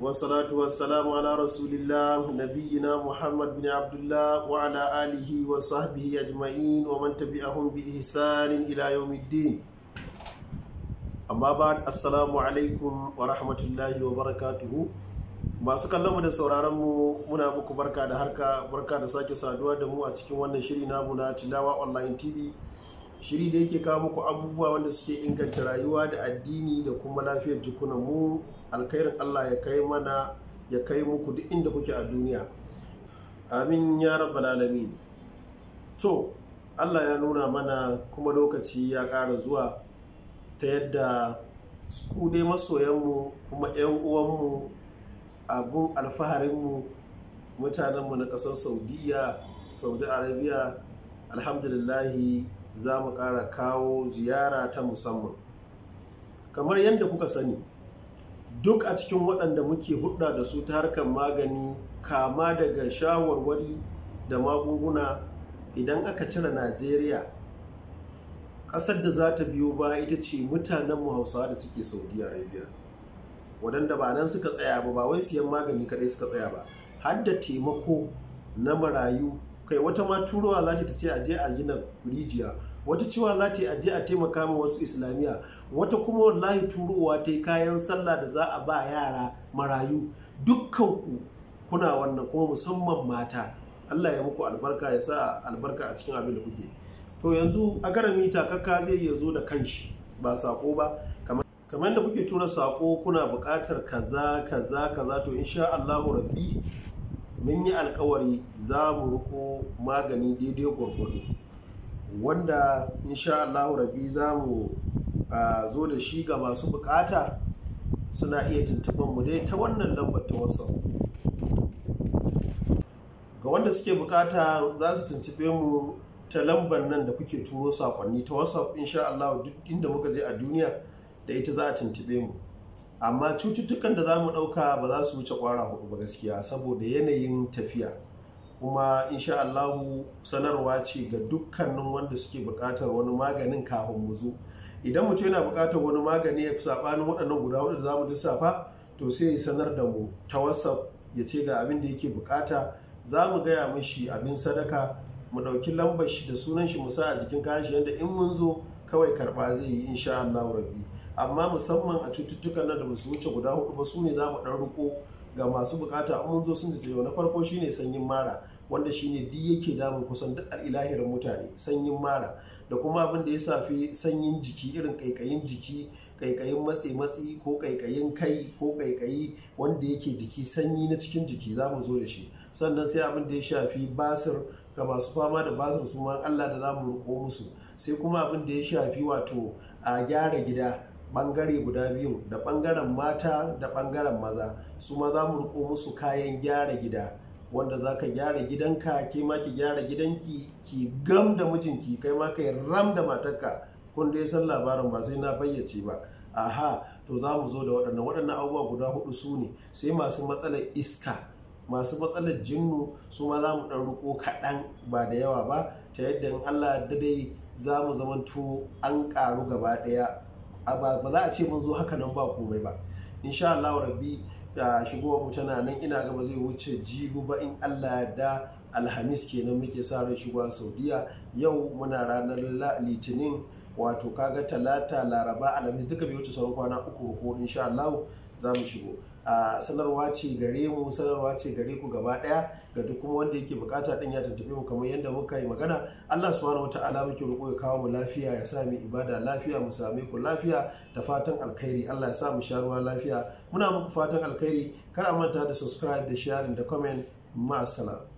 والصلاة والسلام على رسول الله نبينا محمد بن عبد الله وعلى آله وصحبه أجمعين ومن تبعهم بإحسان إلى يوم الدين amma ba assalamu alaikum wa rahmatullahi wa barakatuhu masu kallon mu da sauraron mu muna muku barka da harka barka da sake saduwa da mu a cikin wannan shirin namu na online tv shiri da yake kawo muku abubuwa wanda suke inganta rayuwa da addini da kuma lafiyar jikunan mu alkhairin Allah ya kai mana ya kai muku duk inda kuke a duniya amin ya rabbal alamin to Allah ya nuna mana kuma lokaci ya ƙara zuwa ta yadda ku dai masoyanmu kuma 'yan uwanmu abun alfaharinmu mutanenmu na ƙasar saudiya saudi arabia alhamdulillahi za mu ƙara kawo ziyara ta musamman kamar yadda kuka sani duk a cikin waɗanda muke hudda da su ta harkar magani kama daga shawarwari da magunguna idan aka cire najeriya ƙasar da za ta biyo ba ita ce mutanenmu hausawa da suke saudi arabia waɗanda ba nan suka tsaya ba ba wai siyan magani kaɗai suka tsaya ba har da taimako na marayu kai wata ma turowa za ta ce a je a gina rijiya wata cewa za ta je a taimaka ma wasu islamiyya wata kuma wallahi turowa ta yi kayan sallah da za a ba yara marayu dukkan ku kuna wannan kuma musamman mata Allah ya muku albarka ya sa albarka a cikin abin da kuke to yanzu a mita kakka zai iya zo da kanshi ba sako ba kamar kamar da kuke tura sako kuna bukatar kaza kaza kaza to insha Allahu rabbi mun yi alkawari za mu riko magani daidai gwargwado wanda insha Allah rabi za mu zo da shi ga masu bukata suna iya tuntuban mu dai ta wannan lambar ta wasan ga wanda suke bukata za su tuntube mu ta lambar nan da kuke turo sakonni ta whatsapp insha Allah duk inda muka je a duniya da ita za a tuntube mu amma cututtukan da za mu ɗauka ba za su wuce ƙwara hudu ba gaskiya saboda yanayin tafiya kuma insha Allahu sanarwa ce ga dukkanin wanda suke buƙatar wani maganin kafin mu zo idan mutum yana buƙatar wani magani ya fi sabanin waɗannan guda hudu da za mu lissafa to sai ya sanar da mu ta whatsapp ya ce ga abin da yake buƙata za mu gaya mishi abin sadaka mu ɗauki lambar shi da sunan shi mu sa a jikin kayan shi yadda in mun zo kawai karɓa zai yi insha Allahu rabbi amma musamman a cututtukan nan da ba su wuce guda hudu ba su ne za mu ɗan riko ga masu bukata an mun zo sun jita na farko shine sanyin mara wanda shine duk yake damun kusan duk al'ilahirin mutane sanyin mara da kuma abin da ya safi sanyin jiki irin kaikayin jiki kaikayin matsi matsi ko kaikayin kai ko kaikayi wanda yake jiki sanyi na cikin jiki za mu zo da shi sannan sai abin da ya shafi basir ga masu fama da basir su ma Allah da za mu riko musu sai kuma abin da ya shafi wato a gyara gida bangare guda biyu da bangaren mata da bangaren maza su ma za mu riko musu kayan gyara gida wanda za ka gyara gidanka ke ma ki gyara gidanki ki gam da mijinki kai ma kai ram da matarka kun dai san labarin ba sai na bayyace ba aha to za mu zo da waɗannan waɗannan abubuwa guda hudu su ne sai masu matsalar iska masu matsalar jinnu su ma za mu ɗan riko kaɗan ba da yawa ba ta yadda in allah da dai za mu zamanto an ƙaru gaba ɗaya ba za a ce mun zo haka nan ba komai ba insha Allah rabbi shigowar mu tana nan ina ga zai wuce jibu ba in Allah ya da alhamis kenan muke sa ran shigowa saudiya yau muna ranar litinin wato kaga talata laraba alhamis duka biyu wuce sauran kwana uku ko in sha Allah za mu shigo a sanarwa ce gare mu sanarwa ce gare ku gaba daya ga duk kuma wanda yake bukata din ya tuntube mu kamar yadda muka yi magana Allah subhanahu wataala muke roƙo ya kawo mu lafiya ya sa mu ibada lafiya mu same ku lafiya da fatan alkhairi Allah ya sa mu sha sharuwa lafiya muna muku fatan alkhairi kar a manta da subscribe da sharing da comment ma